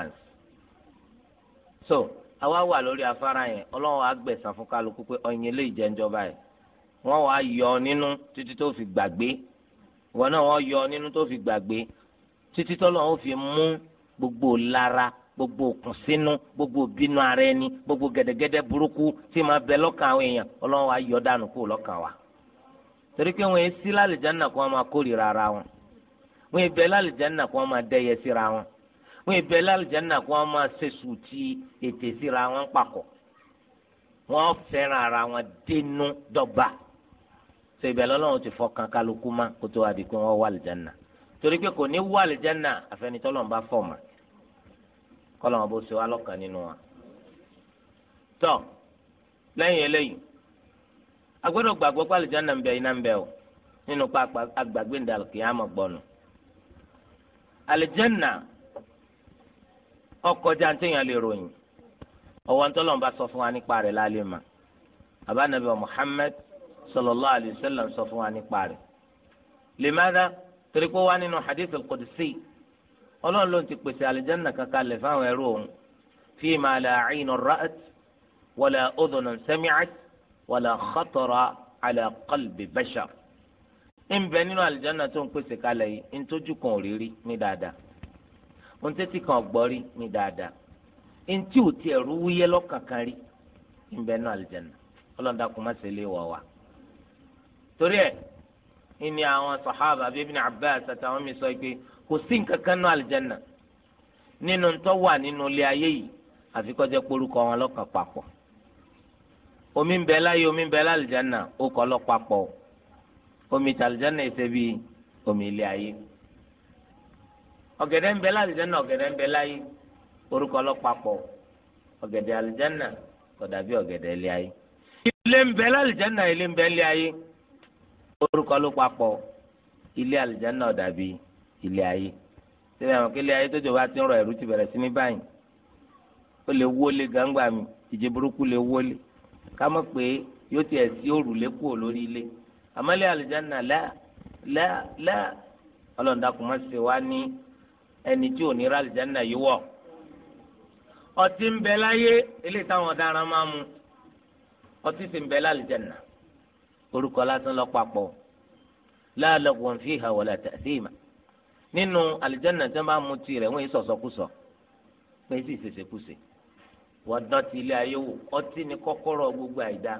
chance so àwa wà lórí afárá yẹn ọlọ́run á gbẹ̀san fún kálukú pé ọyìn eléyìí jẹ́ ìjọba yẹn wọ́n wá yọ nínú títí tó fi gbàgbé wọn náà wọ́n yọ nínú tó fi gbàgbé títí tọ́lọ́run ó fi mú gbogbo lára gbogbo òkun sínú gbogbo bínú ara ẹni gbogbo gẹdẹgẹdẹ burúkú tí máa bẹ lọ́kàn àwọn èèyàn ọlọ́run wa yọ dànù kú lọ́kàn wa torí pé wọn èsì lálìjáná kó wọn máa kórìíra ara wọn wọn èbẹ lálìjáná kó wọn máa dẹyẹ síra wọn wọn ìbẹ lálùjáná kí wọn máa ṣe sùtì ètè síra wọn papọ̀ wọn fẹ́ràn ara wọn dénú dọ́gba ṣe ìbẹ lọ́lọ́run ti fọkàn kálukú má kó tó wá di pé wọ́n wà lùjáná torí pé kò ní wà lùjáná àfẹnitọ́lọ́n bá fọ̀ mà kọ́lọ́n bó ṣe wá lọ́kàn nínú wa. tọ́ lẹ́yìn eléyìí agbọ́dọ̀ gbàgbọ́ pé àlùjáná ń bẹ iná ń bẹ o nínú pápá agbàgbé ìdàlùkì àmọ̀ gbọ́nù àlùjáná ọkọjá téèyàn lè ròyìn ọwọ́ ntọ́lọ́mùbá sọ fún wa nípa rẹ̀ lálẹ́ mà àbánabi Muhammad sallallahu alayhi wa sallam sọ fún wa nípa rẹ̀ lèmádà torí pé wá nínú hadith al-qudsi ọlọ́run ló ń ti pèsè àlìjánnà kankan lẹ̀ fáwọn ẹrú òun fi ma la aynu ra'at wala udhunun sami'at wala khatara ala qalbi bashar ń bẹ nínú àlìjánnà tó ń pèsè kalẹ̀ yìí ń tójú kan òrírí ní dáadáa ohun tẹ́tí kan gbọ́ rí ní dáadáa ntí ò tiẹ̀ rú wúyẹ́ lọ́kàkan rí ìbẹ́ náà àlìjẹ̀nà ọlọ́dà kò má ṣe lè wọ̀ wá. torí ẹ̀ ìní àwọn sàhábà bíi Ibn Abbas àtàwọn mi sọ pé kò sí nǹkankan náà àlìjẹ̀nà nínú ntọ́ wà nínú ilé ayé yìí àfi porúkọ wọn lọ́kàn papọ̀ omi ń bẹ láyé omi ń bẹ lálìjẹ̀nà ó kọ́ lọ́ omi tàlìjẹ̀nà ìṣe bíi omi ilé ayé ọ̀gẹ̀dẹ̀ ń bẹ lálìjẹ́nà ọ̀gẹ̀dẹ̀ ń bẹ láyé orúkọ ọlọ́pàpọ̀ ọ̀gẹ̀dẹ̀ àlìjẹ́nà kò dàbí ọ̀gẹ̀dẹ̀ ilé ayé. ilé ń bẹ lálìjẹ́nà ilé ń bẹ ilé ayé orúkọ ọlọ́pàpọ̀ ilé àlìjẹ́nà ò dàbí ilé ayé. síbẹ̀ àwọn kílé ayé tójò bá ti ń rọ ẹ̀rú ti bẹ̀rẹ̀ sí ní báyìí ó lè wọlé gángba mi ní ẹni tí ò ní ra àlìjáná yìí wọ̀ ọtí ń bẹ láyé eléyìí táwọn ọ̀daràn máa mu ọtí sì ń bẹ lálìjáná orúkọ lásán lọ papọ̀ láàlọ́gbọ̀n fi hà wọlé àtàdéhìmá nínú àlìjáná tí wọ́n bá mu tirẹ̀ wọ́n yìí sọ̀sọ́kùsọ pé sì ṣèṣekúṣe wọ́n dán ti ilé ayé wò ọtí ni kọ́kọ́rọ́ gbogbo àìdá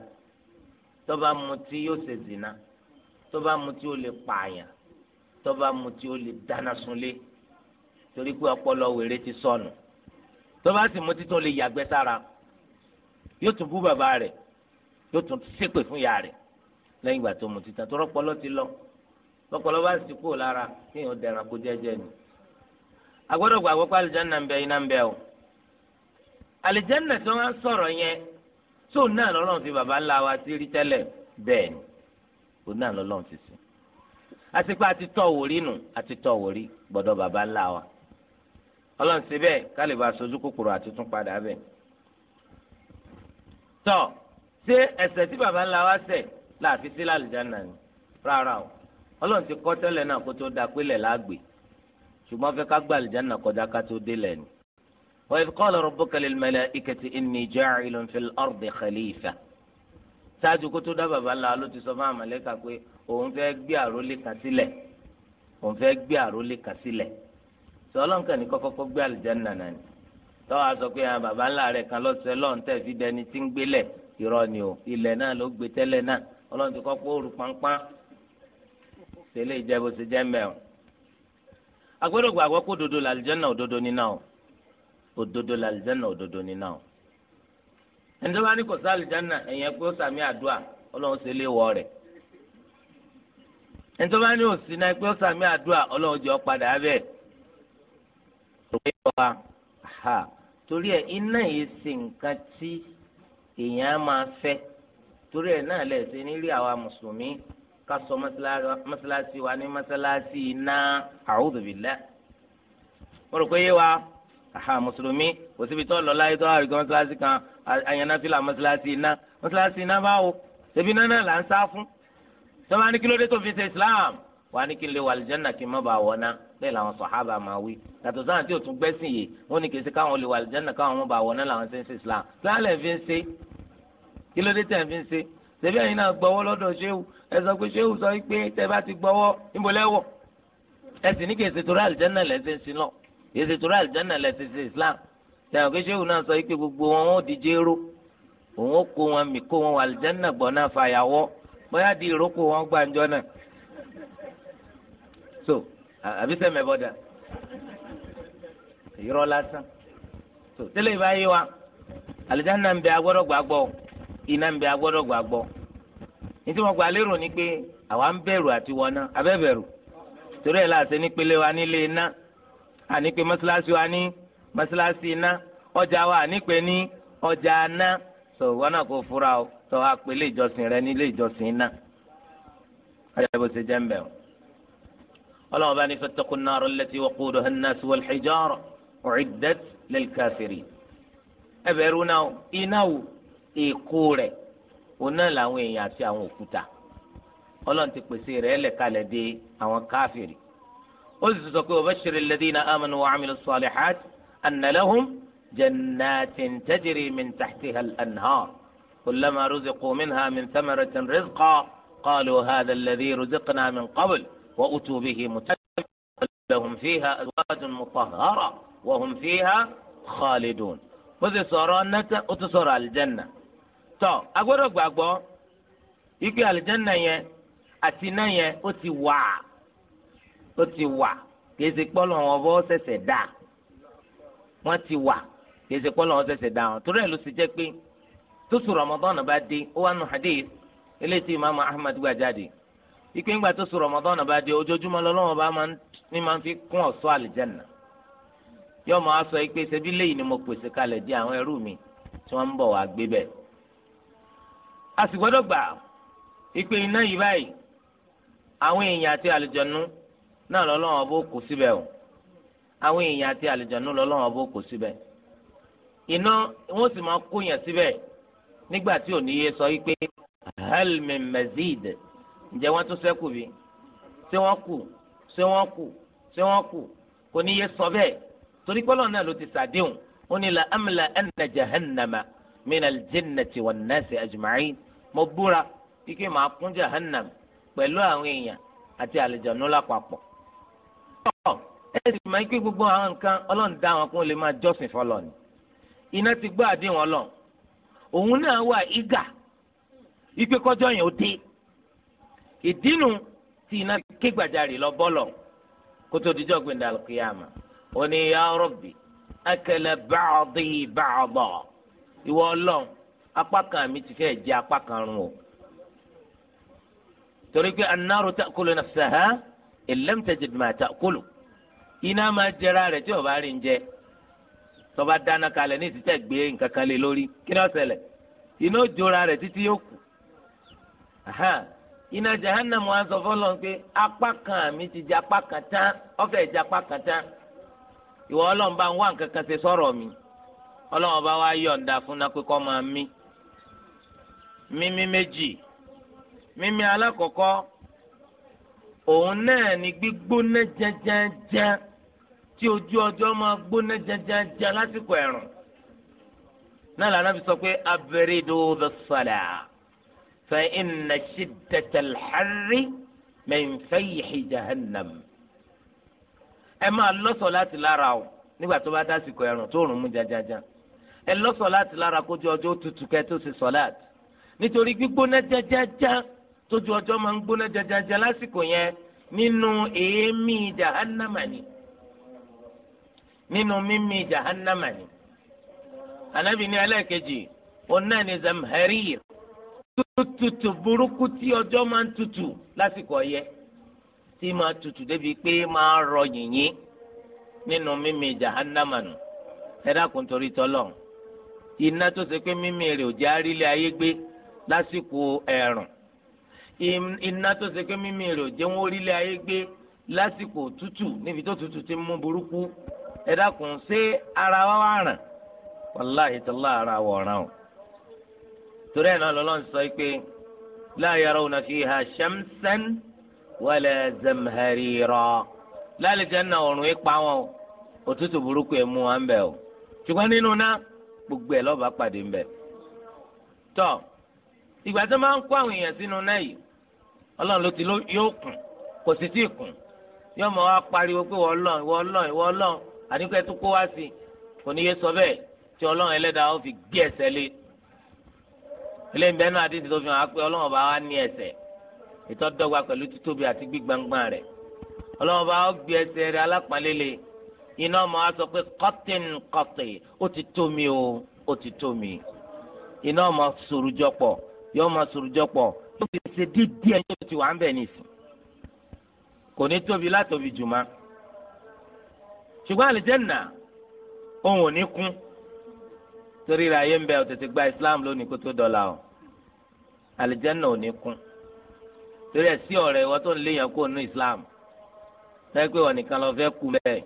tó bá mutí yóò ṣe zina tó bá mutí ó lè pààyàn tó bá mutí ó lè dáná sunlé torí pé ọpọlọ wèrè ti sọnù tó bá sì mutí tó lè yàgbẹ́ sára yóò tún bú bàbá rẹ̀ yóò tún ṣépè fún ìyá rẹ̀ lẹ́yìn ìgbà tó mutí tán tó rọpọlọ ti lọ lọpọlọ bá sì kúrò lára kéèyàn dẹran kó jẹ́jẹ́ ni. agbọ́dọ̀ gbàgbọ́ pé alìjánná ń bẹ iná ń bẹ o alìjánná tí wọ́n sọ̀rọ̀ yẹn tó náà lọ́lọ́run fi bàbá ńlá wa sí rí tẹ́lẹ̀ bẹ́ẹ̀ ni òun náà lọ́lọ́run fi sí àti pé àti tọ́ wòrí nù àti tọ́ wòrí gbọ́dọ̀ bàbá ńlá wa ọlọ́run ṣe bẹ́ẹ̀ ká lè bá a sojú kòkòrò àti tún padà bẹ́ẹ̀. tọ́ ṣé ẹ̀ṣẹ̀ tí baba ńlá wa ṣẹ̀ láàfin sí lálùjáná ni rárá o ọlọ́run ti kọ́ tẹ́lẹ̀ náà kó tó da pélé láàgbè ṣùgbọ́n fẹ́ ká gba àlùjáná kọjá ká tó délẹ̀ ni. wa idh qala rabbuka lil mala'ikati inni ja'ilun fil ardi khalifa ṣáájú kó tó dá baba ńlá ló ti sọ fún àmàlẹ́kà pé òun fẹ́ gbé àrólé kan òun fẹ́ gbé àrólé kan sílẹ̀ sọlọ́n kàn ní kọ́kọ́kọ́ gbé àlùjáná náà ni tọ́wọ́ a sọ pé àwọn ah, baba ńlá rẹ̀ kan lọ́sẹ̀ lọ́n tẹ̀ fi dẹni tí ń gbélẹ̀ irọ́ ni o ilẹ̀ náà ló gbé tẹ́lẹ̀ náà ọlọ́run ti kọ́kọ́ òru pánpán tẹ́lẹ̀ ìjẹ́bù ti jẹ́ mẹ́rin. agbẹ́rò gbàgbọ́ kó dodo làlùjáná òdodo níná o òdodo làlùjáná òdodo níná o. ẹni tó bá ní kò sí àlùjáná ẹ̀yẹn pé sàmì àdúrà ọlọ́run ṣe lé wọ rẹ̀ ẹni tó bá ní òsínà pé ó sàmì àdúrà ọlọ́run jẹ́ ọ padà abẹ́ẹ̀ òwe wa ha torí ẹ iná yìí ṣe nǹkan tí èèyàn máa fẹ́ torí ẹ náà lè ṣe nílé àwa mùsùlùmí ká sọ mọ́sálásí wa ní mọ́sálásí iná a'udhu billah mo rò pé yé wa aha mùsùlùmí kò síbi tó lọ láyé tó àrùkọ mọ́sálásí kan àyànnáfíà mọ́sálásí iná mọ́sálásí iná báwo ṣebí iná náà là ń sá fún sọ ma ní kí ló dé tó fi ṣe Islam wà á ní kí n lè wà àlùjánnà kí n má bàa wọ̀ náà bẹ́ẹ̀ làwọn sọ̀hábà máa wí yàtọ̀ sáà tí o tún gbẹ́sìn yìí wọ́n ní kèsì káwọn lè wà àlùjánnà káwọn ọmọ bá wọ̀ náà làwọn ṣe ń ṣe islam láàlẹ̀ fi ń ṣe kí ló dé tẹ̀ fi ń ṣe ṣebí ẹ̀yin náà gbọ́wọ́ lọ́dọ̀ ṣéwù ẹ sọ pé ṣéwù sọ pé tẹ bá ti gbọ́wọ́ níbo lẹ́wọ̀ ẹ sì ní kèsì torí àlùjánnà lẹ́ ṣe ń sin lọ kèsì torí àlùjánnà lẹ́ ṣe ṣe islam tẹ̀wọ̀n pé ṣéwù náà sọ pé gbogbo wọn ó di jéró òun ó kó wọn mì so àbí sẹ́mi bọ́dà irọ́ lásán tó tẹ́lẹ̀ ìbá yé wa àlùjáná ń bẹ agbọ́dọ̀ gbàgbọ́ iná ń bẹ agbọ́dọ̀ gbàgbọ́ nítorí wọn gba lérò pé àwa ń bẹ̀rù àti wọná abẹ́bẹ̀rù torí ẹ̀ láti nípele wa nílé iná àní mọ́ṣáláṣí ní mọ́ṣáláṣí iná ọjà wa ní ọjà tó wọn náà kò fura o tó ìjọsìn rẹ nílé اللهم بني فاتقوا النار التي وقودها الناس والحجارة أعدت للكافرين أبرونا إنو إيقورة ونا لاوين ياتي أو كتا أولان تكبسير إليك قال دي أو كافري أزدكوا وبشر الذين آمنوا وعملوا الصالحات أن لهم جنات تجري من تحتها الأنهار كلما رزقوا منها من ثمرة رزقا قالوا هذا الذي رزقنا من قبل وأتوا به متبعا لهم فيها أزواج مطهرة وهم فيها خالدون bóse sọ̀rọ̀ nẹ́tẹ́ ó tún sọ̀rọ̀ àlìjẹ́nà tọ́ agbọ́dọ̀ gbàgbọ́ ikú àlìjẹ́nà yẹn àti iná yẹn ó ti wà ó ti wà kìí ṣe pọ́ lọ́wọ́ bọ́ ṣẹ̀ṣẹ̀ dà wọ́n ti wà kìí ṣe pọ́ lọ́wọ́ ṣẹ̀ṣẹ̀ dà wọ́n torí ẹ̀ ló ṣe jẹ́ pé tó sùn Ramadan bá dé ó wà nù hadith eléyìí tí imaamu Ahmad gbà jáde ikpe ńgbà tó sùn Ramadan náà bá di ojoojúmọ́ lọ́lọ́wọ́ bá máa ní máa fi kún ọ̀ṣọ́ àlìjẹ́nà yóò máa sọ ikpe ṣebí lẹ́yìn ni mo pèsè kalẹ̀ di àwọn ẹrú mi tí wọ́n ń bọ̀ wá gbé bẹ́ẹ̀. a sì gbọ́dọ̀ gbà ikpe iná yìí báyìí àwọn èèyàn àti àlìjẹ̀nu náà lọ́lọ́wọ́ bó kù síbẹ̀ o àwọn èèyàn àti àlìjẹ̀nu lọ́lọ́wọ́ bó kù síbẹ̀ iná wọ́n sì máa kó yàn síbẹ̀ nígbà tí ò ní sọ ikpe hal min ǹjẹ́ wọ́n tún sẹ́kù bí ṣé wọ́n kù ṣé wọ́n kù ṣé wọ́n kù kò ní yé sọ bẹ́ẹ̀ torí pé Ọlọ́run náà ló ti ṣàdéhùn ó ní la amla anna jahannama min aljinnati wan nasi ajma'in mo búra ike màá kún jahannam pẹ̀lú àwọn èèyàn àti àlejànú lápapọ̀. ẹ sì máa ń pín gbogbo àwọn nǹkan Ọlọ́run dá àwọn kún lè máa jọ́sìn fọlọ́ ni iná ti gbọ́ àdéhùn Ọlọ́run òun náà wà ígà ipe yẹn ó dé ìdínú tí iná ké lọ bọ́lọ̀ kótó dijọ́ gbẹ̀ndà kìyàmà ó ya Rabbi akala ba'di ba'da ìwọ ọlọ́run apá kan mi ti fẹ́ jẹ kan o torí pé ma ta'kulu iná máa jẹra rẹ̀ tí o bá rí sọba jẹ tọba dáná kalẹ̀ ní gbé nǹkan kan lé lórí kí ni iná rẹ̀ títí iná jahannam wa sọ fọlọ pé apá kan mi ti di apá kan tán ọfẹ di apá kan tán ìwọ Ọlọ́run bá ń wá nǹkan kan ṣe sọ̀rọ̀ mi Ọlọ́run bá wá yọ̀ǹda fún náà pé máa mí mímí méjì mímí alákọ̀ọ́kọ́ òun náà ni gbígbóná jẹjẹjẹ tí ojú ọjọ́ máa gbóná jẹjẹjẹ lásìkò ẹ̀rùn náà fi sọ pé abẹ́rẹ́ bẹ́ẹ̀ فإن شدة الحر من فيح جهنم ẹ máa lọ́sọ̀ láti lára o nígbà tó bá dásìkò ẹ̀rùn tó rùn mú jajaja ẹ lọ́sọ̀ láti lára kójú ọjọ́ tutù kẹ́ ṣe sọ̀láàtì nítorí gbígbóná jajaja tójú ọjọ́ máa ń gbóná jajaja lásìkò yẹn nínú èémí jahannamani nínú mímí jahannamani anabi ní ẹlẹ́ẹ̀kejì onáni zamharir tututu tutù burúkú tí ọjọ́ máa ń tutù lásìkò ọyẹ tí máa tutù débi pé máa rọ yìnyín nínú mime jahannamanu ẹ torí tọ́lọ̀ iná tó ṣe pé mímì rẹ̀ ò jẹ́ àrílẹ̀ ayé gbé lásìkò ẹ̀rùn iná tó ṣe pé mímì rẹ̀ ò jẹ́ wọn orílẹ̀ ayé gbé lásìkò ti mú burúkú ẹ ṣé ara wa wà wàláhìí torí ẹ̀ náà lọ́lọ́run sọ pé la yarawna fiha shamsan wala zamharira lálẹ́ jẹ́nà ọ̀run ipa wọn òtútù burúkú ẹ̀ mú wọn bẹ̀ o ṣùgbọ́n nínú náà gbogbo ẹ̀ lọ́ba pàdé tọ́ ìgbà tó máa ń kó àwọn èèyàn sínú náà yìí ọlọ́run ló ti yóò kùn kò sì tí ì kùn pariwo pé àdínkù eléyìí bẹ́ẹ̀ náà àdéhùn tó fi hàn á pé ọlọ́wọ́n bá wá ní ẹsẹ̀ ìtọ́dọ́gba pẹ̀lú títóbi àti gbígbangba rẹ̀ ọlọ́wọ́n bá wọ́n gbé ẹsẹ̀ rẹ̀ alápàlélẹ̀ iná ọmọ wa sọ pé kọ́tìn kọ́tìn ó ti tó mi o ó ti tó mi iná ọmọ sòrùjọpọ̀ yóò ọmọ sòrùjọpọ̀ yóò fi ṣe dídí ẹni tó ti wà ń bẹ̀ nìsín kò ní tóbi látòbi jùmọ́ ṣùgbọ́n àlìjẹ́ nà òun ò ní kún. torí rẹ̀ ayé ń bẹ òtètè gba islam lónìí kó tó dọ̀là o àlìjẹ́nà ò ní kún torí ẹ̀ sí ọ̀rẹ́ ìwọ tó ń kó islam lẹ́yìn pé wọ́n nìkan lọ fẹ́ kú bẹ́ẹ̀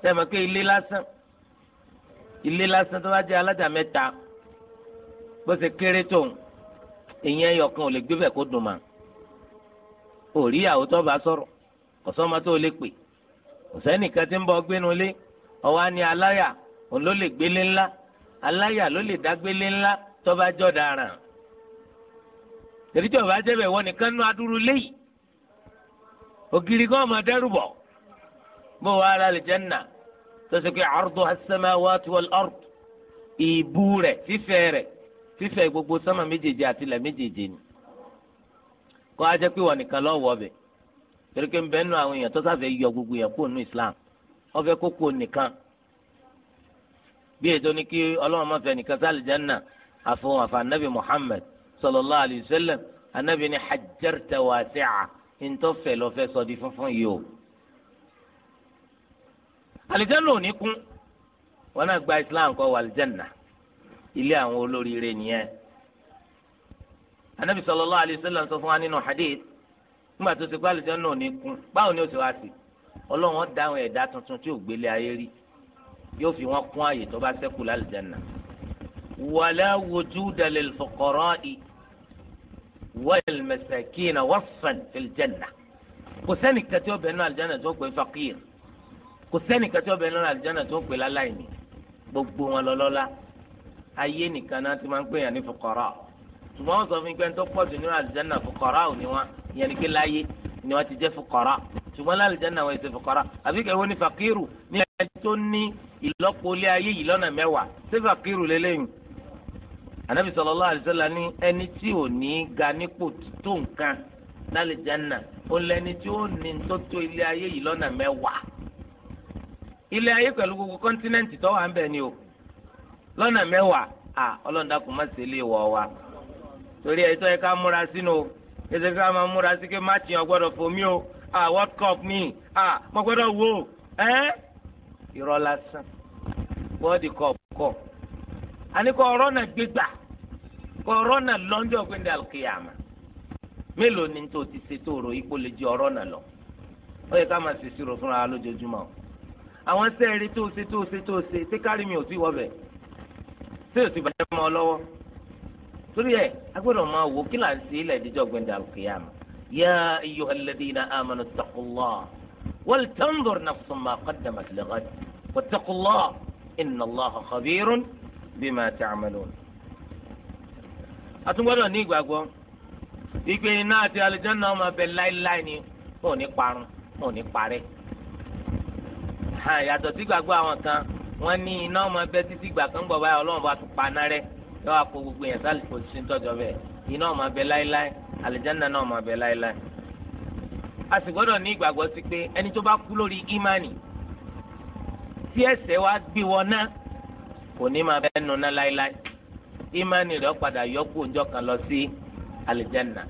sẹ́mi pé ilé lásán ilé lásán tó bá jẹ́ alájà mẹ́ta bó ṣe kéré tó ìyẹn ẹyọkan ò lè gbé bẹ́ẹ̀ kó dùn mà ò rí ìyàwó tó bá sọ̀rọ̀ kọ̀sọ́mọ tó lè pè kò sẹ́nìkan tí ń bọ́ gbénu lé ọwọ́ òun ló lè gbélé ńlá aláyà ló lè dá gbélé ńlá tó bá jọ dáràn tẹ̀lítọ̀ bá jẹ́ bẹ̀ wọ́n nìkan nú adúrú léyìí ògiri kan máa dẹ́rù bọ̀ bó wàá ra lè jẹ́nà tó ṣe pé àrùdó as-samawati wal-ard ìbú rẹ̀ fífẹ̀ rẹ̀ fífẹ̀ gbogbo sánmà méjèèjì àti ilẹ̀ méjèèjì ni kó a pé wọ́n nìkan lọ́ wọ̀ bẹ̀ torí bẹ́ẹ̀ nú àwọn èèyàn tó sáfẹ́ yọ gbogbo yẹn kó nú Islam wọ́n bí ètò ní kí ọlọ́run má fẹ́ nìkan sálì jẹ́nà àfọwọ́n àfa anabi muhammed sallallahu alayhi wa sallam anabi ni hajjarta wasi'a ntọ́fẹ̀ lọ́fẹ́ sọ di funfun yìí o. àlìjánnà ò ní kún wọn náà gba islam kọ́ wà àlìjánnà ilé àwọn olóríire nìyẹn. anabi sallallahu alayhi wa sallam sọ fún wa nínú hadith nígbà tó ti gbá àlìjánnà ò ní kún báwo ni ó ti wá sí ọlọ́run dáhùn ẹ̀dá tuntun tí ò gbélé ayé rí yóò fi wọn kún ààyè tó bá ṣẹ́kù lálùjáná wàlá wujuda lil fuqara'i wal masakina wasfan fil janna kò sẹ́ni kẹtí ọbẹ̀ nínú àlùjáná tó pè faqir kò sẹ́ni kẹtí ọbẹ̀ nínú àlùjáná tó pè láláìní gbogbo wọn lọ́lọ́lá ayé nìkan náà ti máa ń pè yàn ní fuqara ṣùgbọ́n wọ́n sọ fún pé tó pọ̀ jù nínú àlùjáná fuqara ò ní wọn ìyẹn ni pé láyé ni wọ́n ti jẹ́ fuqara ṣùgbọ́n láàlùjáná wọ́n ti fuqara àbí kẹ́ wọ́n ní faqiru ní ẹni tó ní ìlọ́pọ̀ ilé ayé yìí lọ́nà mẹ́wàá sífà kírù lélẹ́yìn anabi sallallahu alaihi wasallam ní ẹni tí ò ní ga nípò tó nǹkan lálẹ́ jẹ́nà ó lẹ́ni tí ó ní tó ilé ayé yìí lọ́nà mẹ́wàá ilé ayé pẹ̀lú gbogbo kọ́ńtínẹ́ǹtì tó wà ń bẹ̀ ni o lọ́nà mẹ́wàá à ọlọ́run dákun má ṣe lè wọ̀ wa torí ẹ̀ tó yẹ ká múra sínú o ètò ìfẹ́ máa múra sí pé má tiẹ̀ ọgbọ́dọ̀ fòmí o world cup ni à mo gbọ́dọ̀ wo Eh? irọ́ lásán bọ́ọ̀dì kọ̀ kọ̀ àní kọ́ ọ̀rọ̀ náà gbégbà kọ́ ọ̀rọ̀ náà lọ́njọ́ gbẹ̀ndẹ̀ àlùkìyàmà mélòó ni tó ti ṣe tó rò ipò lè lọ ó yẹ ká máa ṣe ìṣirò fúnra wa lójoojúmọ́ o àwọn sẹ́ẹ̀rì tó ṣe tó ṣe tó ṣe kárí mi ò tí wọ́bẹ̀ ò bàjẹ́ mọ́ ọ lọ́wọ́ torí ẹ̀ agbọ́dọ̀ máa wò kí là ilẹ̀ ìdíjọ́ gbẹ̀ndẹ̀ àlùkìyàmà yá iyọ̀ ولتنظر نفس ما قدمت لغد واتقوا الله إن الله خبير بما تعملون أتنقلوا نيقوا أقوى ìpè iná àti alìjánná ọmọ abẹ láéláé ni wọn ò ní parun wọn ò ní parẹ́ yàtọ̀ sí gbàgbọ́ àwọn kan wọ́n ní iná ọmọ abẹ títí gbà kan gbọ̀ báyìí ọlọ́run bá tún paná rẹ yọ àpò gbogbo yẹn sálì kò sí tọ́jọ́ bẹ́ẹ̀ iná ọmọ abẹ láéláé alìjánná náà ọmọ abẹ láéláé a sì gbọ́dọ̀ ní ìgbàgbọ́ sí pé ẹni tó bá kú lórí ímánì tí ẹ̀ṣẹ̀ wa gbé wọn náà kò ní máa bẹ́ẹ̀ nu náà láéláé ímánì rẹ̀ padà yọkù ọjọ́ kan lọ sí àlìjánnà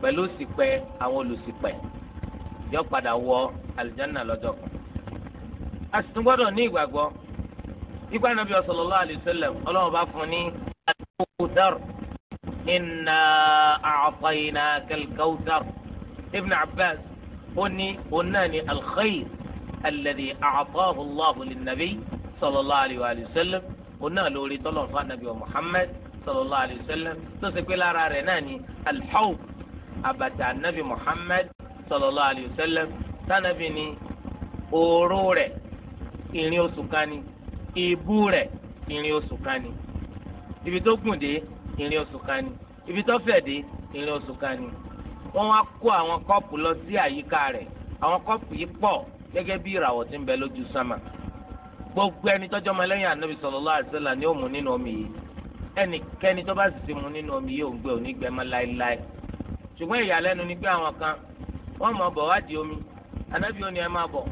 pẹ̀lú sípẹ́ àwọn olùsìpẹ̀ yọ padà wọ àlìjánnà lọ́jọ́ kan. a sì tún ní ìgbàgbọ́ ipa nàbí sallallahu alaihi ọlọ́run bá fún ní ibn Abbas ó ní òun náà ní alkhayr alladhi a'atahu Allahu linnabi sallallahu alayhi wa sallam òun náà lórí tọ́lọ̀ fún anabi wa Muhammad sallallahu alayhi wa sallam tó ṣe pé lára rẹ̀ náà ní alhawb abata anabi Muhammad sallallahu alayhi wa sallam tánàbí ni òóró rẹ̀ ìrìn oṣù kan ni ìbú rẹ̀ ibi tó gùn dé ìrìn oṣù kan ibi tó fẹ̀ dé ìrìn oṣù kan wọ́n wá kó àwọn kọ́ọ̀pù lọ sí àyíká rẹ̀ àwọn kọ́ọ̀pù yìí pọ̀ gẹ́gẹ́ bí ìràwọ̀ ti ń bẹ lójú gbogbo ẹni tọ́jọ́ ọmọlẹ́yìn ànábì sallallahu ni ó mu nínú omi yìí ẹnikẹ́ni tó bá sì mu nínú omi yìí ò ń gbé òní gbẹ́mọ́ láéláé ṣùgbọ́n ìyàlẹ́nu ni pé àwọn kan wọ́n bọ̀ omi ẹ máa bọ̀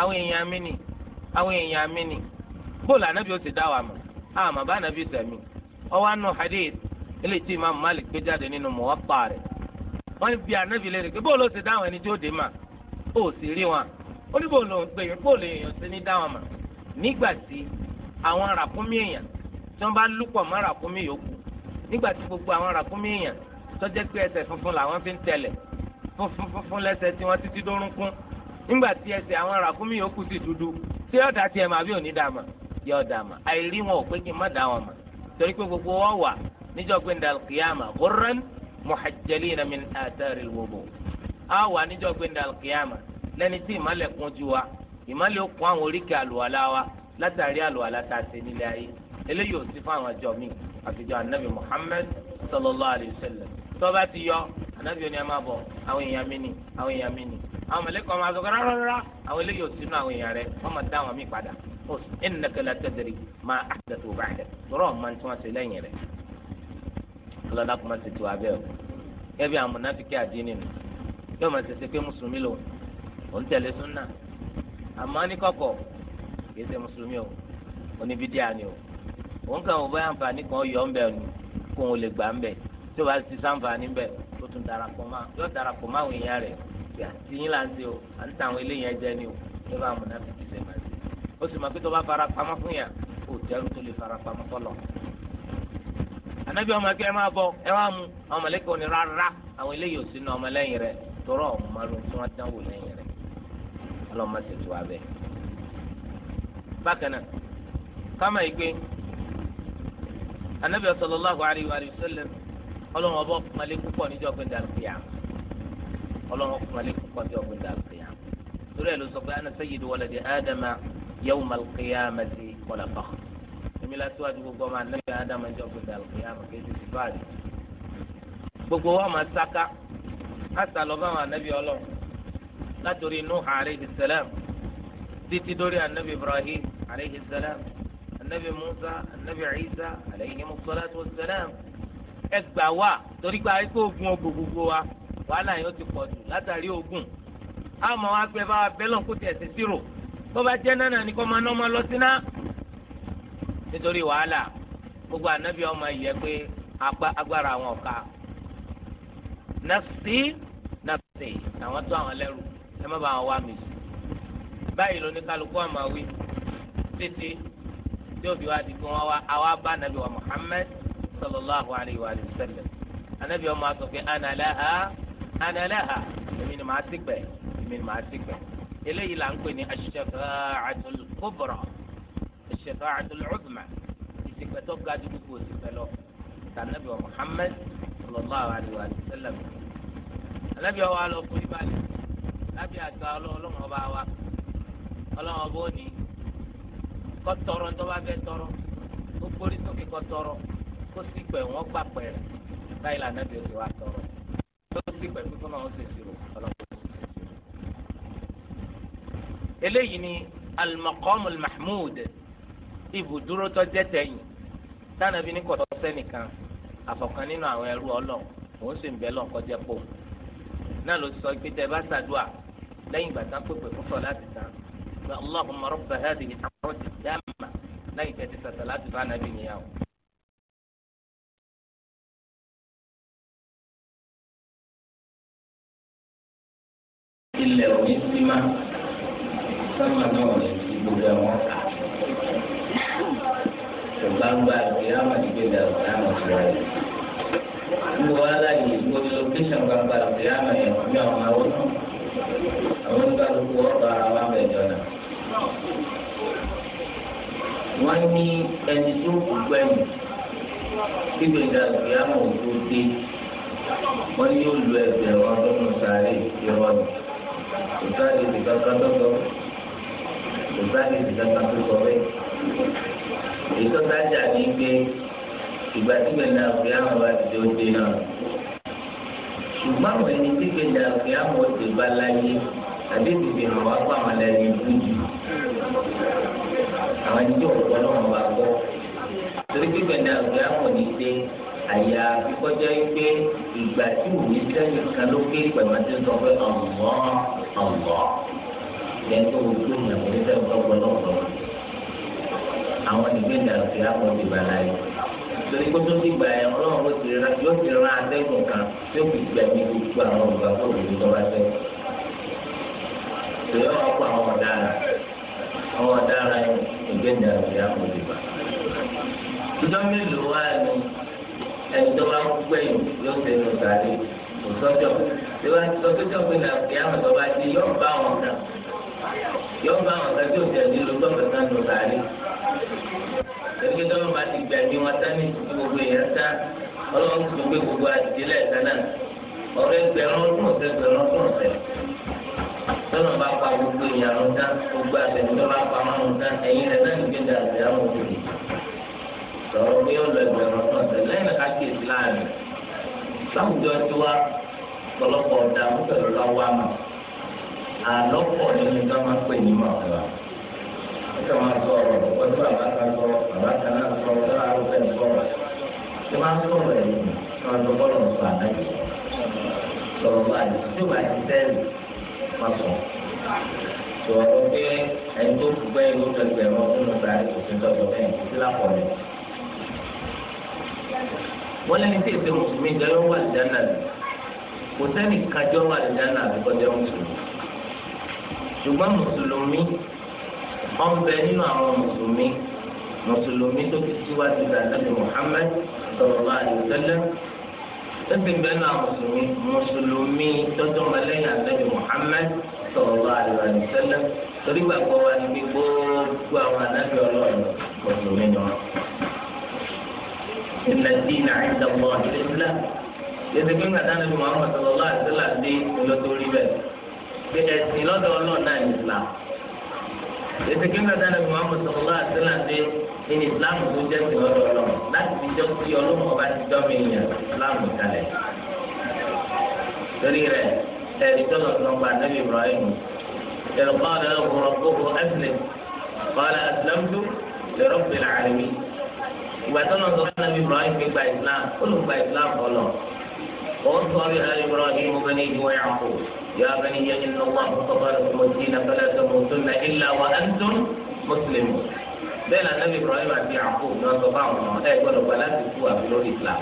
àwọn èèyàn ni wọ́n bi ànábì lẹ́nu pé bóòlù ó ti dáhùn ẹni tí ó dé mà ó sì rí wọn ó ní bóòlù gbèyàn bóòlù èèyàn ti ní dáhùn mà nígbà tí àwọn ràkúnmí èèyàn tí wọ́n bá lúpọ̀ mọ́ ràkúnmí yòókù nígbà tí gbogbo àwọn ràkúnmí èèyàn tó jẹ́ pé ẹsẹ̀ funfun làwọn fi ń tẹ̀lẹ̀ funfun funfun lẹ́sẹ̀ tí wọ́n títí dórúnkún nígbà tí ẹsẹ̀ àwọn ràkúnmí yòókù sì dúdú tí yọ̀ọ̀dà tiẹ̀ mà bí òní dàmà yọ̀ọ̀dà mà àìrí wọn ò pé kí n má dà wọn mà torí muhajjalina min athari alwudu á wà níjọ́ gbẹ̀ndà alkiyama lẹ́ni tí ìmọ̀lẹ̀ kún ju wa ìmọ̀lẹ̀ ó kún àwọn oríkèé àlùwàlá wa látàrí àlùwàlá tá a ṣe nílé ayé eléyìí ò sí fún àwọn àjọ mi àfijọ anabi muhammed sallallahu alayhi wa sallam tó bá ti yọ anabi oní ẹ máa bọ àwọn èèyàn mi ni àwọn èèyàn mi ni àwọn mẹlẹkọ máa sọ rárá rárá àwọn eléyìí ò sínú àwọn èèyàn rẹ wọn máa dá àwọn míì padà ó sì ẹnìkan la tẹ̀lé máa àdàtò báyìí rọ máa ń tí ọlọ́dà kò má ṣe tu abẹ́ o gẹ́gẹ́ bí àwọn mọ̀nàfíkì àdínì nù yóò má ṣe ṣe pé mùsùlùmí lò ó ń tẹ̀lé súnà àmọ́ níkọ̀kọ̀ kìí ṣe mùsùlùmí o oníbídíà ni o òun kàn wọ́n bá àǹfààní kan yọ ọ́ ń bẹ̀ ni kó òun lè gbà ń bẹ̀ tí o bá ti sáǹfààní bẹ̀ tó tún darapọ̀ mọ́ yọ darapọ̀ mọ́ àwọn èèyàn rẹ̀ tìyín là ń ṣe o à ń ta eléyìí ẹjẹ ni o ẹ bá ṣe máa ṣe o sì máa pé tó bá fara fún yà anabi ọmọ akẹ́ ẹ máa bọ ẹ wá mu àwọn mọ̀lẹ́kẹ́ òní rárá àwọn eléyìí ò sí ní ọmọ lẹ́yìn rẹ tọrọ ọmọ marun tí wọ́n dánwò lẹ́yìn rẹ ọlọ́mọ tètè wá bẹ́ẹ̀. bákan náà kámá ìgbé anabi sallallahu alayhi wa sallam ọlọ́mọ ọbọ̀ kumalẹ́ púpọ̀ níjọ́ gbé dàrúkìyà ọlọ́mọ kumalẹ́ púpọ̀ níjọ́ gbé dàrúkìyà mùsùlùmí látiwájú gbogbo ọmọ anábì ádámù ẹjọ́ gbogbo àlùkìyà àmọ̀kéjì ti báàdì. gbogbo wa máa sáká àṣà lọ bá àwọn anábì ọlọ́run látòrí nuh salam títí dórí anábì ibrahim aleyhi salam anábì musa anábì isa aleyhi musalatu salam ẹgbàá wa torí pé àyíkó ogun ọgbò gbogbo wa wàhálà yóò ti pọ̀ jù látàrí ogun àmọ́ wa pé bá wa bẹ́lọ̀ kó tiẹ̀ sírò bó bá jẹ́ nánà ni kò máa ná ọmọ lọ sí náà nítorí wàhálà gbogbo ànábì ọmọ yẹ pé agbára àwọn ọ̀ka nafsi nafsi àwọn tó àwọn lẹ́rù ẹ má bàa wá mi sùn báyìí ló ní kálukú àmọ́ wí títí tí òbí wa di fún wa wá àwa bá ànábì wa Muhammad sallallahu alayhi wa sallam ànábì ọmọ asọ̀fin ana laha èmi ni màá ti pẹ́ èmi ni màá ti pẹ́ eléyìí là ń pè ní ash-shafa'atul kubra. الشفاعة العظمى ìsìnkpẹtọ ga dúdú kò sípẹ lọ tànàbí wa Muhammad sallallahu alayhi wa sallam alábí wa lọ kúrú balẹ̀ lábí àgbà ọlọ́run ọba wa ọlọ́run ọba òní kó tọrọ ntọ́ba bẹ́ẹ̀ tọrọ kó gbórí sókè kó tọrọ kó sípẹ̀ wọ́n gbà pẹ̀ báyìí là nàbí òsì wa tọrọ kó sípẹ̀ kó kọ́ náà ó sì sírò ọlọ́run. eléyìí ni al-maqamul mahmud. ibùdúró tó jẹ́ tẹ̀yìn tánàbí ní kọ̀tọ́ sẹ́nìkan àfọ̀kan nínú àwọn ẹrú ọlọ́ọ̀ òun sì ń bẹ́ lọ́n kọjá pò náà ló sọ pé tẹ bá a lẹ́yìn ìgbà tán pèpè fún sọ láti tán pé Allahumma rabba hadhihi ad-da'wati tammah lẹ́yìn tẹ̀ ti sàtà láti bá nàbí ilẹ̀ òní sábà náà lè gbangba ìyáma dìgbé da ìyáma ti wáyé ní wàhálà yìí mo ní lókèsàn gbangba ìyáma yẹn ní àwọn àwọn náà àwọn oníkàlùkù ọ̀rọ̀ ara wa mẹ́jọ náà wọ́n ní ẹni tó kú gbẹ̀yìn dìgbé da ìyáma ò tó dé wọ́n yóò lu ẹgbẹ́ wọn tó ń sáré ìrọ̀lù kò sáré ìdìgbà kan tó sọ kò sáré ìdìgbà kan tó sọ bẹ́ẹ̀ èyí tó dájà ní pé ìgbà tí gbẹ̀dà òkè àwọn bá ti dé ó dé náà ṣùgbọ́n àwọn ẹni tí gbẹ̀dà òkè àwọn ó ti bá láyé àbí ìdìbò ìrìn wá pa àwọn ẹni ìlú jù àwọn ẹni tó kọ́ lọ́wọ́ bá gbọ́ torí pé gbẹ̀dà òkè àwọn ní dé àyà kíkọjá yìí pé ìgbà tí òní sẹ́yìn kan ló ké pẹ̀lú ti sọ pé ọ̀mọ́ ọ̀mọ́ tó o tó yàn kó ní sẹ́yìn tó gbọ́ lọ́wọ́ lọ́wọ́ àwọn ìgbéga ti àwọn ìgbà láyé torí kó tó ti gbà ẹ ọlọ́run ló ti ra yóò ti ra atẹ́gùn kan tí ó fi gbẹ̀mí gbogbo àwọn ìgbà tó lè tó bá tẹ̀. tòyọ́ wọn kó àwọn ọ̀daràn àwọn ọ̀daràn ìgbéga ti àwọn ìgbà. tuntun mélòó wá ni ẹni tó bá ń gbẹ̀yìn yóò ti lọ sáré òsọ́jọ́ tí wọ́n ti sọ́jọ́ pé nàìjíríà tó bá ti yọ̀ bá wọn kan yóò bá àwọn ẹgbẹ́ òjò ẹ̀dí ló tọ́ fẹ̀sán ló sáré ẹgbẹ́ tó ń bá ti gbà ní wọn sáré ní gbogbo èèyàn sá ọlọ́run tó gbé gbogbo àdìdílẹ̀ sánà ọ̀rẹ́ gbẹ̀rún ọdún ọ̀sẹ̀ gbẹ̀rún ọdún ọ̀sẹ̀ tọ́nà bá pa gbogbo èèyàn ló dá gbogbo àtẹ̀mí tó bá pa máa ń dá ẹ̀yìn rẹ̀ náà nígbè dà àwọn òbí sọ̀rọ̀ pé ó lọ ọdún ọ̀sẹ̀ lẹ́yìn ká kéèsì láàrin láwùjọ tiwa ọ̀pọ̀lọpọ̀ ọ̀dà mú àlọ́pọ̀ nínú ká máa pè ní màkàlà ó kà máa sọ ọ̀rọ̀ wọ́n tí bàbá kan sọ bàbá kan náà sọ ọ́ dára ló fẹ́ sọ̀rọ̀ tí máa ń sọ̀rọ̀ ẹ̀ yìí máa sọ bọ́lọ̀ sọ àdáyé sọ̀rọ̀ báyìí tí ó bá ti tẹ́lẹ̀ máa sọ sọ̀rọ̀ pé ẹni tó kú bẹ́ẹ̀ ló dẹgbẹ̀ wọn fún un sáré kò sí tọ́jọ́ bẹ́ẹ̀ kò sí lápọ̀ wà lìjánà kò sẹ́nì kájọ́ wà ṣùgbọ́n mùsùlùmí ọ̀bẹ nínú àwọn mùsùlùmí mùsùlùmí tó fi síwájú dàdàbí Muhammad sallallahu alaihi wasallam ẹbí bẹ́ẹ̀ náà mùsùlùmí mùsùlùmí tọ́jú ọmọlẹ́yìn àdàbí Muhammad sallallahu alaihi wasallam torí gbàgbọ́ wa níbi gbogbo àwọn ànábì ọlọ́run mùsùlùmí ni wọn. ìlà dínà الله ìdílé ìlà yẹtùkú ńgbà dáná bí Muhammad sallallahu alaihi wasallam dé ìlọtọ́rí bẹ́ẹ̀ pé ẹ̀sìn lọ́dọ̀ ọlọ́run náà ní islam ètò kí n gbàdá nàbí muhammed sọlá àtẹlà dé ní islam tó jẹ́ sí lọ́dọ̀ ọlọ́run láti fi jọ sí ọlọ́run ọba ti jọ́ mi yàn islam kalẹ̀ torí rẹ̀ ẹ̀rí tọ́lọ̀ tó ń gba nàbí ibrahim ẹ̀rọ kọ́ọ̀dọ̀ ọ̀hún rọ̀gbọ̀gbọ̀ ẹ̀sìn kọ́ọ̀dọ̀ àtìlámùtò lẹ́rọ̀ pẹ̀lú àrẹ̀mí ìgbà tọ́lọ̀ tó ń gba nàbí ibrahim gbé islam ó ló gba islam ọlọ́run. وانصر بها ابراهيم بنيه ويعقوب يا بني ان الله اصطفى لكم الدين فلا تموتن الا وانتم مسلمون بين أن ابراهيم عبد يعقوب ما استطاعوا ان إيه، يقولوا فلا تسوى في الاسلام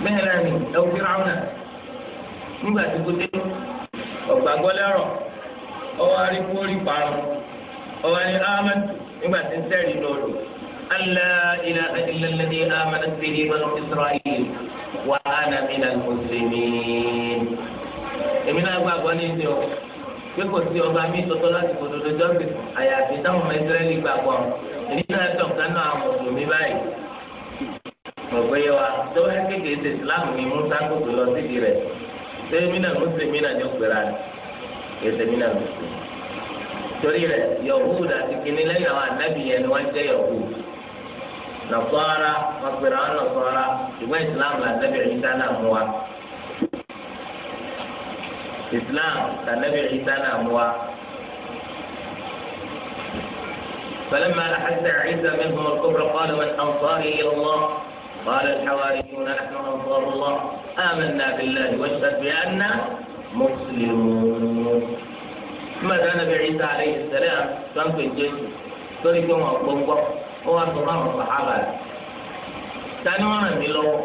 بين الامين يعني، لو فرعون نبى تقول ọgbà agbọlẹrọ ọwọ arikori parun ọwọ ni ahmed nígbà tí ń sẹrin lọrọ alẹ ilẹ ilẹ ilẹ ni ahmed ń sẹrin lọrọ israẹli wà á nà mùsùlùmí. èmi náà gbàgbọ́ ní ìdí o pé kò sí ọba mi tọ́tọ́ láti kó dodo jọ́sìn àyàfi táwọn ọmọ ìsírẹ́lì gbàgbọ́ èmi náà tọ̀ka náà mùsùlùmí báyìí. ọ̀pẹ yẹ wa tó wá kékeré ṣe islam ní musa kòtò lọ síbi rẹ̀ ṣé èmi náà mùsùlùmí náà ní òpèrè àná èsè mi náà mùsùlùmí. torí rẹ̀ yọ̀húdà ti kíní lẹ́yìn àwọn ànábì yẹn ni wọ́n jẹ́ yọ̀húdà. نصارى wọn pèrè àwọn nàṣọ́ra إسلام islam là nàbì ìṣá إسلام mú wa islam là فلما أحس عيسى منهم الكفر قال من أنصاري إلى الله قال الحواريون نحن أنصار الله آمنا بالله واشهد بأننا مسلمون ماذا نبي عيسى عليه السلام كان في الجيش تركهم أقوم ó wá sọ fáwọn sàhábà rẹ̀ tani wọn ràn mí lọ́wọ́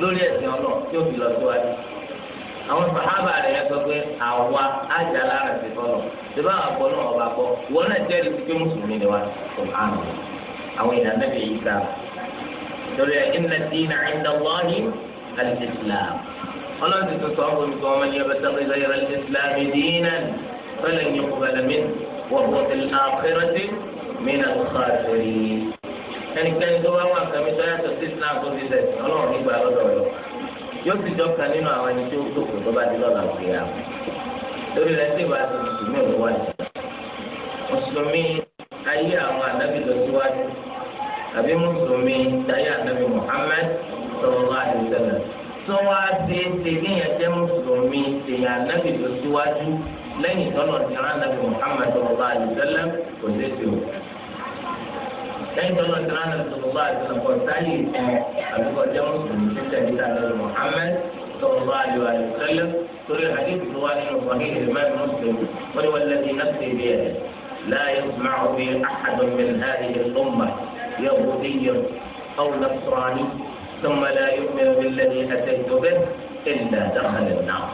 lórí ẹ̀sìn ọlọ́ tí ó fi lọ síwájú àwọn sàhábà rẹ̀ yẹ sọ pé àwa ájà lára ti tọ́lọ̀ tí bá wà náà ọba gbọ́ ìwọ náà jẹ́rìí sí pé mùsùlùmí ni wá sọ̀hánù àwọn èèyàn náà yìí ká lórí ẹ̀ inna dina inda Allahi al-Islam ọlọ́run ti sọ sọ́ọ́ fún mi ọmọ yẹn bẹ́tẹ́ pé ghayra al-Islam dinan falan yuqbala minhu wa huwa fil akhirati mina al-khasirin ẹnikẹ́ni tó bá wà kàmi tó yàtọ̀ sí islam tó ti sẹ̀ ọlọ́run nígbà lọ́dọ̀ lọ yóò ti jọ kan nínú àwọn ẹni tó gbòkó tó bá di lọ́la òkè yà lórí rẹ̀ tí ìbá ti mùsùlùmí ò wá jù mùsùlùmí ayé àwọn ànábì lọ síwájú àbí mùsùlùmí dayé ànábì Muhammad sallallahu alaihi wasallam tó wá dé ṣe níyẹn jẹ́ mùsùlùmí ṣèyàn ànábì lọ síwájú lẹ́yìn tọ́lọ̀ ti rán ànábì Muhammad sallallahu alaihi wasallam kò dé ṣe òkè. lẹ́yìn tó lọ sí ránà sọlọ́lá àdúgbò sáyé ìfún àdúgbò jẹ́ mùsùlùmí tí tẹ̀lé tàbí Muhammad sọlọ́lá àdúgbò àdúgbò torí àdúgbò tó wà nínú sọ̀hí ìmáàmù mùsùlùmí wọ́n ní wọ́n lẹ́sìn náà ṣe bí ẹ̀ láàyè máa bí àhàdùn mi láàyè ọmọ yẹ̀wò díyẹ̀ ọ̀hún nasrani ثم لا يؤمن بالذي أتيت به إلا دخل النار.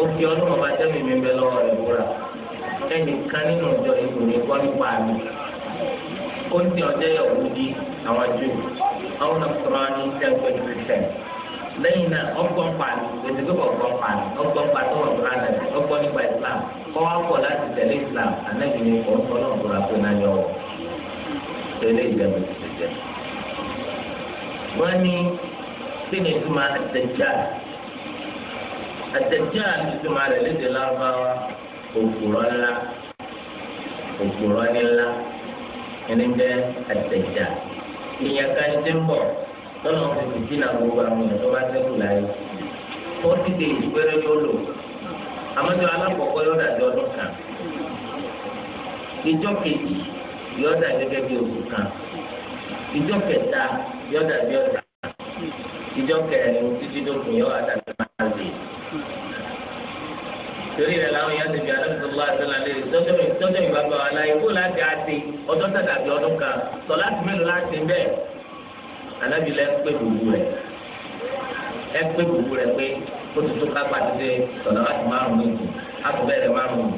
òkè ọlọ́mọba tẹ́mi mi bẹ lọ́wọ́ rẹ̀ búra ẹnì kan nínú ìjọ ìgbòho ní kọ́ nípa mi ó ní ọjọ́ ìyàwó ní àwọn jù àwọn nàkúrọ́ni tẹ́gbẹ́ kìrìsìtẹ́n lẹ́yìn náà ọgbọ́n pàlì òṣèlú ọgbọ́n pàlì ọgbọ́n pàlì tó wà fún àná ọgbọ́n nípa Islam kọ́ wá pọ̀ láti tẹ̀lé Islam anábì ní kò ń sọ náà fúnra pé náà yọ ọ́ tẹ̀lé ìjẹun ìṣẹ̀jẹ̀. wọ́n ní kí ni ìtumọ̀ àtẹ̀jà àtẹ̀jà ìtumọ̀ rẹ̀ lédè lárúbáwá òkúrọ̀ ńlá òkúrọ̀ ńlá ẹni bẹ àtẹjà ìyẹn ká ní tẹ́ḿbọ̀ lọ́nà òfin fìdí náà gbogbo àwọn èèyàn tó bá sẹ́kù láyé forty days péré ló lò amadu alákọ̀ọ́kọ́ yóò dàbí ọdún kan ìjọ kejì yóò dàbí gẹ́gẹ́ bí oṣù kan ìjọ kẹta yóò dàbí ọ̀sán ìjọ kẹrin títí dókun yóò dàbí máa ń lè torí rẹ̀ làwọn èèyàn ti fi àdókòtò lọ́wọ́ àtẹlà lè tọ́jọ́ ìtọ́jọ́ ìbábà wa láyé kó láti àti ọdún tàbí ọdún kan sọ láti mélòó láti bẹ́ẹ̀ alábi lẹ pé gbogbo rẹ̀ ẹ pé gbogbo rẹ̀ pé ó ti tó kápá títí sọ̀dọ̀ láti márùn mi àtúbẹ̀rẹ̀ márùn mi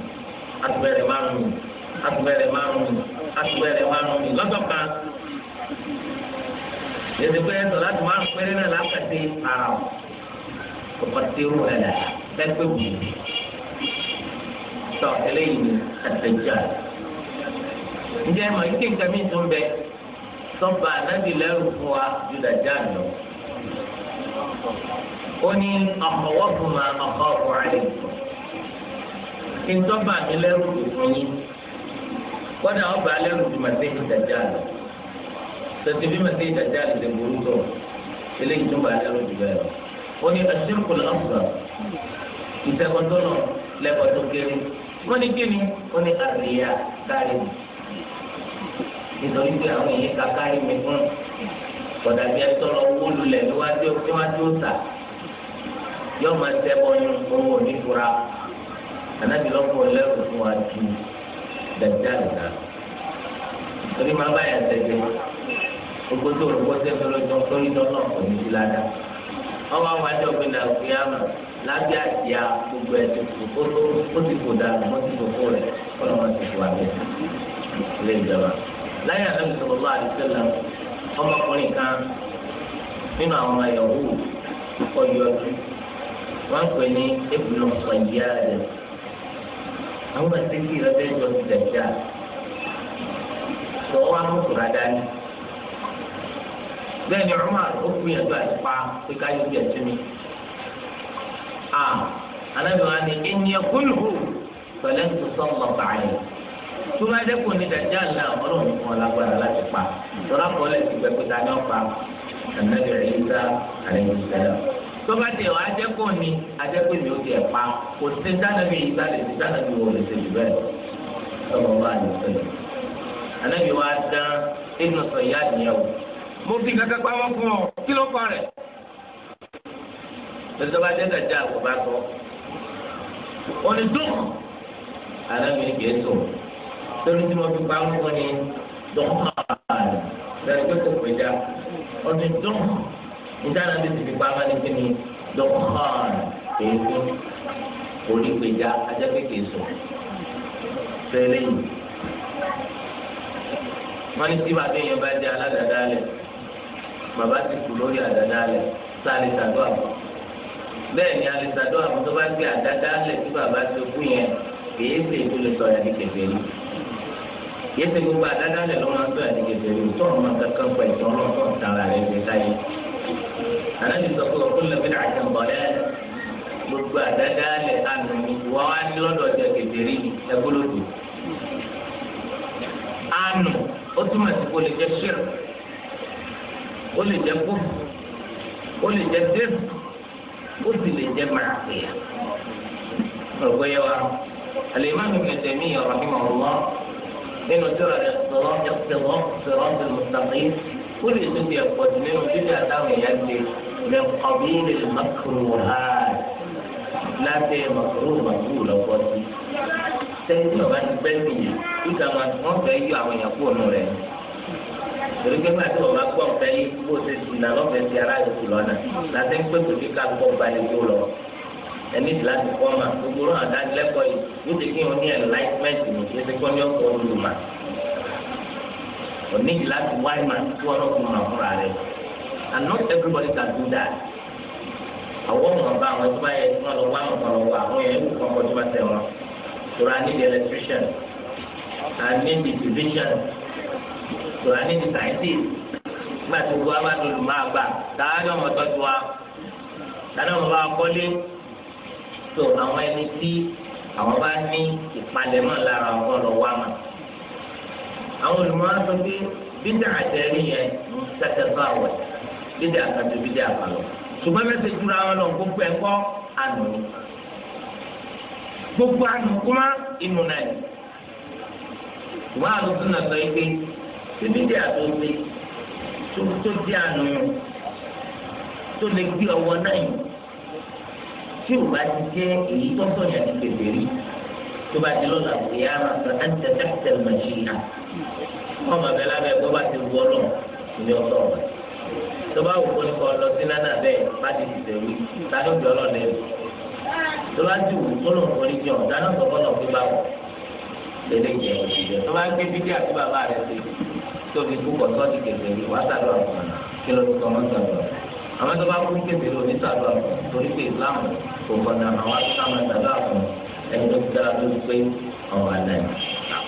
àtúbẹ̀rẹ̀ márùn mi àtúbẹ̀rẹ̀ márùn mi àtúbẹ̀rẹ̀ márùn mi lọ́jọ́ kan yẹtù pé sọ̀dọ̀ láti márùn péré náà lákàtí àrà ọ̀pọ̀ tí ó rẹ̀ lẹ́gbẹ̀ẹ́ gbogbo sọ eléyìí ní àtẹjà ǹjẹ́ mọ̀ ike nǹkan mi tún bẹ sọ́ba ànábì lẹ́rù fún wa ju dàjà lọ. ó ní ọ̀kọ̀wọ́ fún ma ọ̀kọ̀ ọ̀rẹ́ kí n tọ́ba mi lẹ́rù fún yín kọ́dà ọba lẹ́rù ju màsíhì dàjà lọ. tètè bí màsíhì dàjà lọ lè burú tó eléyìí tún bá lẹ́rù jù bẹ́ẹ̀ lọ. ó ní ẹ̀ṣin kùnà ọ̀sán ìtẹ́kọ̀tọ́ náà lẹ́kọ̀tọ́ kéré wọ́n ní kíni wọ́n ní àríyá kárí mi nítorí pé àwọn èèyàn ká kárí mi fún kọ̀dà bí ẹ tọrọ owó lulẹ̀ níwájú níwájú ọ̀tà yóò máa tẹ bọ́yún owó onífura ànábì lọ́kọ̀ lẹ́rù fún wa ju dàgbà nìyà torí máa bá yà tẹ̀lé gbogbo tó rògbòtẹ́ fẹ́ lọ́jọ́ torí lọ́nà kò ní sí ládàá ọwọ́ àwọn àjọ gbẹ̀dà òkèèyàmù lábẹ́ àdìyà gbogbo ẹ̀sìn kò tó ó ti kò dà mọ́ ti kò kó rẹ̀ kọ́nà wọn ti kò àbẹ̀ ilé ìjọba. láyé àlẹ́ ìṣòro bá àdìsẹ́lẹ̀ ọmọkùnrin kan nínú àwọn ayọ̀wò kọ́ yọjú wọ́n ń pè ní ebùnú ọ̀yẹ́ rẹ̀ àwọn àti kí ti dẹ̀ já sọ wá mú kùrà dání bẹ́ẹ̀ ni Umar ó fi ẹ̀gbà ìpa pé ká yóò jẹ sí mi. anábìwá ni ènìyàn kúlù pẹ̀lẹ́ ń tó sọ́mọ báyìí tó máa dẹ́kun ní dàjà ńlá ọlọ́run fún ọlágbára láti pa tọ́lá kọ́lẹ̀ ti gbẹ pé ta ni ó pa ẹ̀nẹ́bí rẹ̀ yìí sá àlejò sẹ́lẹ̀. tó bá tẹ̀ wá dẹ́kun ni adẹ́kun ni ó kò sí dánàbí yìí sá lè dánàbí wò lè ṣe jù bẹ́ẹ̀ sọ́mọ báyìí sẹ́lẹ̀. anábìwá mo fi kankan pamọ́ fún ọ kí ló kọ rẹ̀. ìjọba jẹ́gà já àwọn bá sọ. wọ́n ní dùn. alámi kìí sọ. torí tí wọ́n fi pamọ́ fún ni dùn kàn. lẹ́nu pé kò pè já. wọ́n ní dùn. ìdáná bí ti fi pamọ́ ní kí ni dùn kàn. èyí fún onígbèjà ajá kékeré sọ. sẹ́lẹ̀ yìí wọ́n ní tí bàbá yẹn bá jẹ́ aládàáda lẹ̀ bàbá ti kú lórí àdáda alẹ tá a lè sàdó àbọ bẹ́ẹ̀ ni a lè sàdó àbọ tó bá gbé àdáda alẹ tí bàbá ti kú yẹn kìí ṣe ètò lè sọ̀rọ̀ àti kẹfẹ́ rí yìí ṣe gbogbo àdáda alẹ ló máa ń sọ̀rọ̀ àti kẹfẹ́ rí tó ọmọ kankan pẹ̀ tó ọmọ tó tara rẹ̀ ṣe káyé anáni sọ pé òkú lè fi dà àti ọ̀bọ̀lẹ́ gbogbo àdáda alẹ àná mi á ní lọ́dọ̀ ọjọ́ kẹfẹ́ rí ẹgbólódò àánú ó túmọ̀ sí kó lè jẹ́ ṣẹ́rù ó lè jẹ kó ó lè jẹ dé ó sì lè jẹ màràkìyà ọ̀rọ̀ yẹ wa al-Imam Ibn Taymiyyah rahimahullah nínú tíra rẹ̀ sọ̀rọ̀ ẹ̀sọ̀rọ̀ sọ̀rọ̀ al-Mustaqim ó lè tún bí ẹ̀kọ́ tó nínú bíbí àtàwọn èèyàn ti lè kọ̀bí lè mọ̀kúrú ha lábẹ́ mọ̀kúrú mọ̀kúrú lọ́kọ́ sí sẹ́yìn tí wọ́n bá ti bẹ́ẹ̀ nìyẹn kí kàwọn fẹ́ yọ àwọn èèyàn kúrò nù rẹ̀ torí pé máa tí wọn máa gbọ́ nǹkan yìí bó ṣe ti là lọ́fẹ̀ẹ́ ti ara yòókù lọ́nà láti ń pè pé kíkà gbọ́ balẹ̀ tó lọ ẹni láti kọ́ ma gbogbo náà dánilẹ́kọ̀ọ́ yìí yóò ti kí wọn ní enlightenment ní kí ẹsẹ̀ kọ́ ní ọ̀pọ̀ olùmọ̀ òní yìí láti wá ìmọ̀ tí wọn náà fún ma fúnra rẹ̀ and not everybody can do that àwọn ọmọ bá àwọn tó bá yẹ kí wọn lọ wá àwọn kan lọ wá àwọn yẹn kọ́ ọkọ̀ tó bá tẹ̀ wọn tó ra ní the electrician and need the division. Kùránì ní scientist nígbà tí gbogbo abá tó lù máa gbà táwọn ọmọ tọ́jú wa táwọn ọmọ bá kọ́lé tó àwọn ẹni tí àwọn bá ní ìpalẹ̀mọ́ lára ọkọ̀ lọ wá mà. àwọn olùmọ̀ á sọ pé bídà àtẹ̀rí yẹn ń tẹ́tẹ́ bá wẹ̀ bídà àkàtú bídà àbàlọ́. ṣùgbọ́n mẹ́sẹ̀ dúró àwọn lọ gbogbo ẹ̀kọ́ àná ni. gbogbo àná kúmá ìmúnáyì. ìwà àlùfáà náà sọ tí mídíà tó ti tó tó di àná tó lè gbé ọwọ́ náà yìí tí o bá ti jẹ́ èyí tó sọ̀yà ní kékeré tó bá di lọ́la kò yá ara sọ ẹ̀ ń tẹ̀ tẹ̀ màṣíìnà wọ́n mọ̀ bẹ́ẹ̀ lábẹ́ tó bá ti wọ́ lọ ní ọ̀sọ̀ rẹ̀ tó bá wù fún ikọ̀ lọ sí nánà bẹ́ẹ̀ bá ti ti tẹ̀wé tani òbí ọlọ́dẹ rẹ̀ tó bá ti wù fún òun orí jọ dáná sọ̀kọ́ náà fi bá wọ̀ lẹ́lẹ́yìn ẹ̀ tó bá gbé bídí àti bàbá rẹ̀ sí tóbi púpọ̀ tó ti kẹsẹ̀ rí wàá sàdúrà fún un kí ló tó ọmọ sàdúrà àwọn tó bá kú kẹsẹ̀ rí onísàdúrà fún torí pé Islam kò kọ̀ọ̀nà àwọn àti sàmà sàdúrà fún un ẹni tó ti dára tó ti pé ọ̀rọ̀ àdáyé.